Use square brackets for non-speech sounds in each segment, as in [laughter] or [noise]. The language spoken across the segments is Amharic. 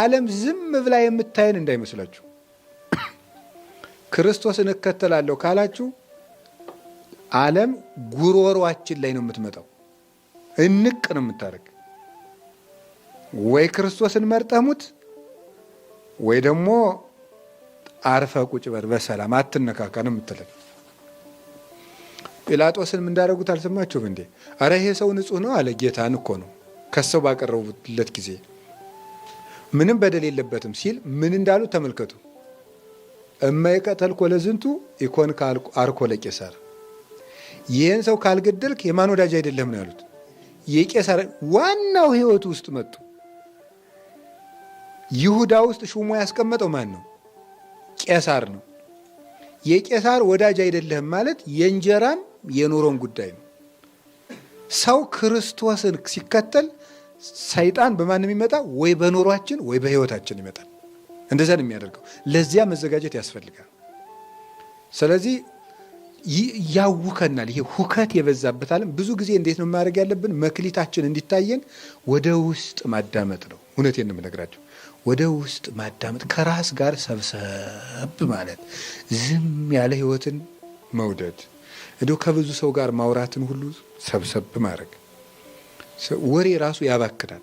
ዓለም ዝም ብላ የምታይን እንዳይመስላችሁ። ክርስቶስን እከተላለሁ ካላችሁ ዓለም ጉሮሯችን ላይ ነው የምትመጣው። እንቅ ነው የምታደርግ። ወይ ክርስቶስን መርጠሙት ወይ ደግሞ አርፈ ቁጭ በሰላም አትነካካ ነው የምትለን። ጲላጦስን እንዳደረጉት አልሰማችሁም እንዴ? ኧረ ይሄ ሰው ንጹህ ነው አለ። ጌታን እኮ ነው ከሰው ባቀረቡለት ጊዜ ምንም በደል የለበትም ሲል ምን እንዳሉ ተመልከቱ። እማይቀተል ለዝንቱ ኢኮን አርኮ ለቄሳር፣ ይህን ሰው ካልገደልክ የማን ወዳጅ አይደለም ነው ያሉት። የቄሳር ዋናው ህይወቱ ውስጥ መጡ። ይሁዳ ውስጥ ሹሞ ያስቀመጠው ማን ነው? ቄሳር ነው። የቄሳር ወዳጅ አይደለህም ማለት የእንጀራም የኑሮን ጉዳይ ነው። ሰው ክርስቶስን ሲከተል ሰይጣን በማን የሚመጣ ወይ በኑሯችን ወይ በህይወታችን ይመጣል። እንደዛ ነው የሚያደርገው። ለዚያ መዘጋጀት ያስፈልጋል። ስለዚህ ያውከናል። ይሄ ሁከት የበዛበት ዓለም ብዙ ጊዜ እንዴት ነው ማድረግ ያለብን? መክሊታችን እንዲታየን ወደ ውስጥ ማዳመጥ ነው። እውነቴን ነው የምነግራቸው። ወደ ውስጥ ማዳመጥ፣ ከራስ ጋር ሰብሰብ ማለት፣ ዝም ያለ ህይወትን መውደድ፣ እንዲሁ ከብዙ ሰው ጋር ማውራትን ሁሉ ሰብሰብ ማድረግ ወሬ ራሱ ያባክናል።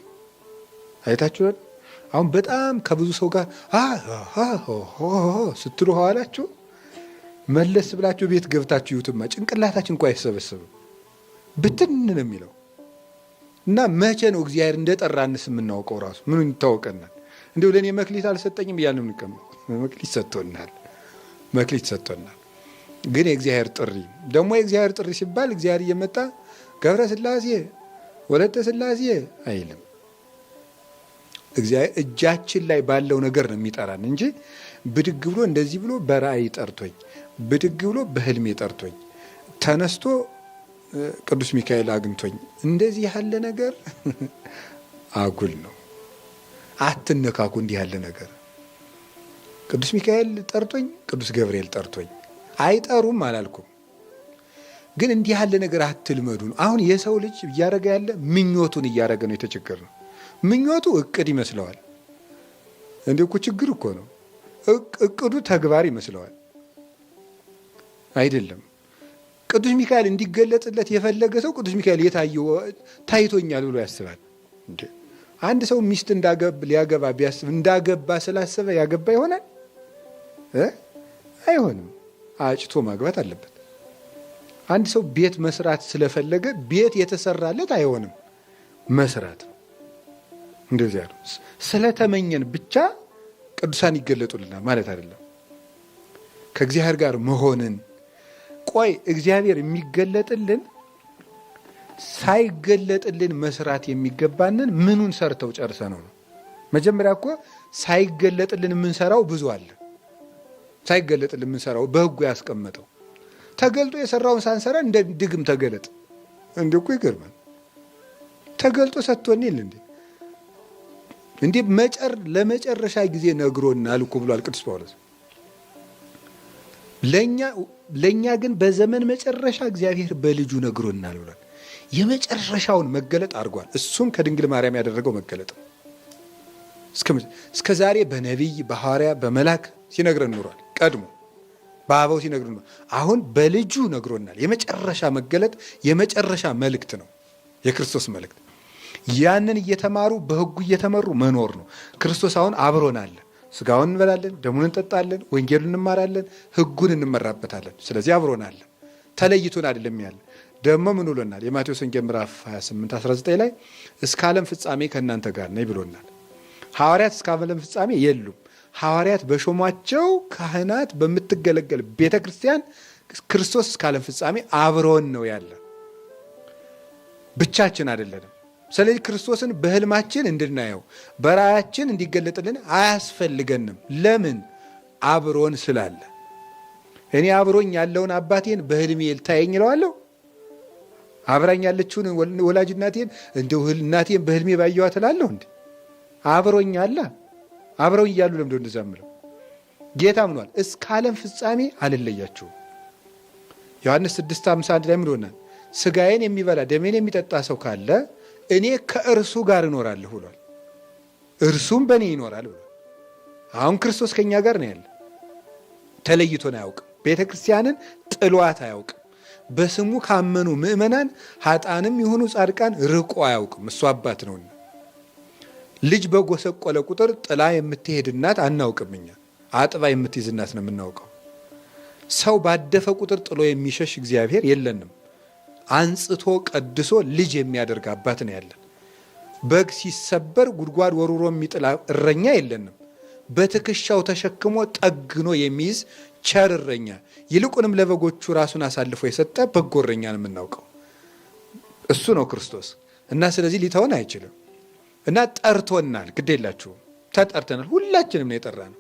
አይታችኋል። አሁን በጣም ከብዙ ሰው ጋር ስትሉ ኋላችሁ መለስ ብላችሁ ቤት ገብታችሁ ይዩትማ ጭንቅላታችን እንኳ አይሰበሰብም ብትን ነው የሚለው እና መቼ ነው እግዚአብሔር እንደጠራንስ የምናውቀው? ራሱ ምኑ ይታወቀናል። እንዲሁ ለእኔ መክሊት አልሰጠኝም እያልን የምንቀመጥ መክሊት ሰጥቶናል፣ መክሊት ሰጥቶናል። ግን የእግዚአብሔር ጥሪ ደግሞ የእግዚአብሔር ጥሪ ሲባል እግዚአብሔር እየመጣ ገብረ ስላሴ ወለተ ስላሴ አይልም። እግዚአብሔር እጃችን ላይ ባለው ነገር ነው የሚጠራን እንጂ ብድግ ብሎ እንደዚህ ብሎ በራእይ ጠርቶኝ፣ ብድግ ብሎ በህልሜ ጠርቶኝ፣ ተነስቶ ቅዱስ ሚካኤል አግኝቶኝ እንደዚህ ያለ ነገር [laughs] አጉል ነው። አትነካኩ። እንዲህ ያለ ነገር ቅዱስ ሚካኤል ጠርቶኝ፣ ቅዱስ ገብርኤል ጠርቶኝ አይጠሩም አላልኩም። ግን እንዲህ ያለ ነገር አትልመዱን። አሁን የሰው ልጅ እያደረገ ያለ ምኞቱን እያደረገ ነው። የተቸገር ነው። ምኞቱ እቅድ ይመስለዋል። እንዲ እኮ ችግር እኮ ነው። እቅዱ ተግባር ይመስለዋል። አይደለም። ቅዱስ ሚካኤል እንዲገለጥለት የፈለገ ሰው ቅዱስ ሚካኤል የታየው ታይቶኛል ብሎ ያስባል። አንድ ሰው ሚስት ሊያገባ ቢያስብ እንዳገባ ስላሰበ ያገባ ይሆናል? አይሆንም። አጭቶ ማግባት አለበት። አንድ ሰው ቤት መስራት ስለፈለገ ቤት የተሰራለት አይሆንም። መስራት እንደዚህ ያሉ ስለተመኘን ብቻ ቅዱሳን ይገለጡልናል ማለት አይደለም። ከእግዚአብሔር ጋር መሆንን ቆይ እግዚአብሔር የሚገለጥልን ሳይገለጥልን መስራት የሚገባንን ምኑን ሰርተው ጨርሰ ነው ነው። መጀመሪያ እኮ ሳይገለጥልን የምንሰራው ብዙ አለ። ሳይገለጥልን የምንሰራው በህጉ ያስቀመጠው ተገልጦ የሰራውን ሳንሰራ እንደ ድግም ተገለጥ እንደ እኮ ይገርማል። ተገልጦ ሰጥቶን ይል እንዴ እንዴ መጨር ለመጨረሻ ጊዜ ነግሮናል እኮ ብሏል ቅዱስ ጳውሎስ። ለኛ ለእኛ ግን በዘመን መጨረሻ እግዚአብሔር በልጁ ነግሮናል ብሏል። የመጨረሻውን መገለጥ አድርጓል። እሱም ከድንግል ማርያም ያደረገው መገለጥ እስከ ዛሬ በነቢይ በሐዋርያ በመላክ ሲነግረን ኑሯል ቀድሞ በአበው ሲነግሩ ነው። አሁን በልጁ ነግሮናል። የመጨረሻ መገለጥ የመጨረሻ መልእክት ነው፣ የክርስቶስ መልእክት። ያንን እየተማሩ በህጉ እየተመሩ መኖር ነው። ክርስቶስ አሁን አለ። ስጋውን እንበላለን፣ ደሙን እንጠጣለን፣ ወንጌሉን እንማራለን፣ ህጉን እንመራበታለን። ስለዚህ አለ፣ ተለይቶን አይደለም ያለ ደግሞ ምን ውሎናል? የማቴዎስ ወንጌል ምዕራፍ 28 19 ላይ እስከ ዓለም ፍጻሜ ከእናንተ ጋር ነኝ ብሎናል። ሐዋርያት እስከ ዓለም ፍጻሜ የሉም ሐዋርያት በሾሟቸው ካህናት በምትገለገል ቤተ ክርስቲያን ክርስቶስ እስካለም ፍጻሜ አብሮን ነው ያለ፣ ብቻችን አይደለንም። ስለዚህ ክርስቶስን በህልማችን እንድናየው በራያችን እንዲገለጥልን አያስፈልገንም። ለምን? አብሮን ስላለ። እኔ አብሮኝ ያለውን አባቴን በህልሜ ልታየኝ እለዋለሁ። አብራኝ ያለችውን ወላጅ እናቴን እንዲሁ እናቴን በህልሜ ባየኋት እላለሁ። እንዲ አብሮኝ አላ አብረው እያሉ ለምደ እንደዛ ምለው ጌታ ምኗል እስከ ዓለም ፍጻሜ አልለያችሁም። ዮሐንስ 51 ላይ ምን ስጋዬን የሚበላ ደሜን የሚጠጣ ሰው ካለ እኔ ከእርሱ ጋር እኖራለሁ ብሏል። እርሱም በእኔ ይኖራል ብሏል። አሁን ክርስቶስ ከእኛ ጋር ነው ያለ። ተለይቶን አያውቅም። ቤተ ክርስቲያንን ጥሏት አያውቅም። በስሙ ካመኑ ምእመናን ሀጣንም የሆኑ ጻድቃን ርቆ አያውቅም። እሱ አባት ነውና ልጅ በጎሰቆለ ቁጥር ጥላ የምትሄድ እናት አናውቅም እኛ አጥባ የምትይዝ እናት ነው የምናውቀው። ሰው ባደፈ ቁጥር ጥሎ የሚሸሽ እግዚአብሔር የለንም። አንጽቶ ቀድሶ ልጅ የሚያደርግ አባት ነው ያለን። በግ ሲሰበር ጉድጓድ ወሩሮ የሚጥላ እረኛ የለንም። በትከሻው ተሸክሞ ጠግኖ የሚይዝ ቸር እረኛ፣ ይልቁንም ለበጎቹ ራሱን አሳልፎ የሰጠ በጎ እረኛ ነው የምናውቀው። እሱ ነው ክርስቶስ እና ስለዚህ ሊተውን አይችልም። እና ጠርቶናል። ግዴላችሁ ተጠርተናል። ሁላችንም ነው የጠራ ነው